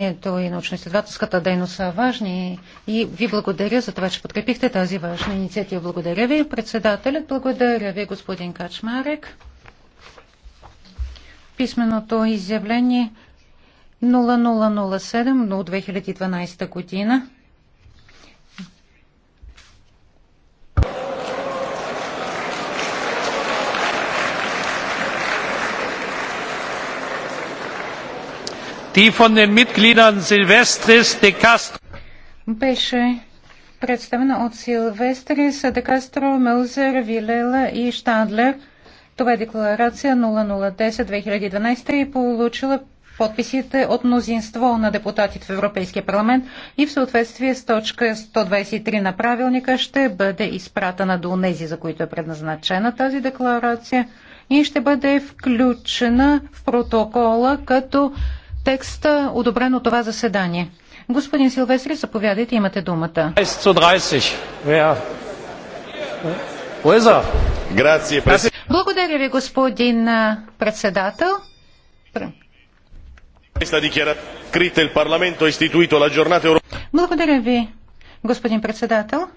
образованието и научно-изследователската дейност са важни и ви благодаря за това, че подкрепихте тази важна инициатива. Благодаря ви, председателят. Благодаря ви, господин Качмарек. Писменото изявление 0007 от 2012 година die von den Mitgliedern Silvestris de Castro беше представена от Силвестрис де Кастро, Мелзер, Вилела и Штандлер. Това е декларация 0010-2012 и получила подписите от мнозинство на депутатите в Европейския парламент и в съответствие с точка 123 на правилника ще бъде изпратена до нези, за които е предназначена тази декларация и ще бъде включена в протокола като текста, одобрен от това заседание. Господин Силвестри, заповядайте, имате думата. Е Благодаря ви, господин председател. Благодаря ви, господин председател.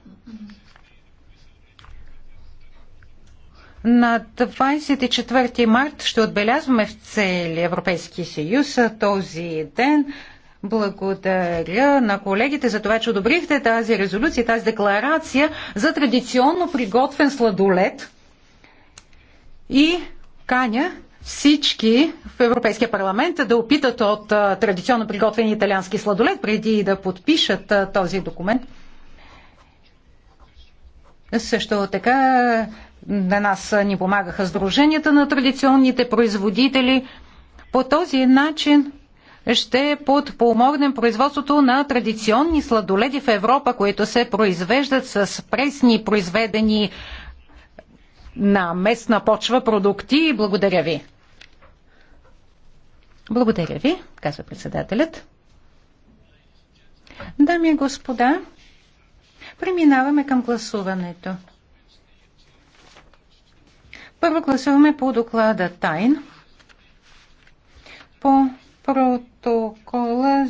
На 24 март ще отбелязваме в цели Европейски съюз този ден. Благодаря на колегите за това, че одобрихте тази резолюция, тази декларация за традиционно приготвен сладолет. И каня всички в Европейския парламент да опитат от традиционно приготвен италиански сладолет преди да подпишат този документ. Също така на нас ни помагаха сдруженията на традиционните производители. По този начин ще подпомогнем производството на традиционни сладоледи в Европа, които се произвеждат с пресни произведени на местна почва продукти. Благодаря ви. Благодаря ви, казва председателят. Дами и господа, Преминаваме към гласуването. Първо гласуваме по доклада Тайн, по протокола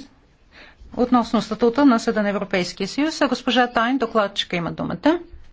относно статута на Съда на Европейския съюз. А госпожа Тайн, докладчика, има думата.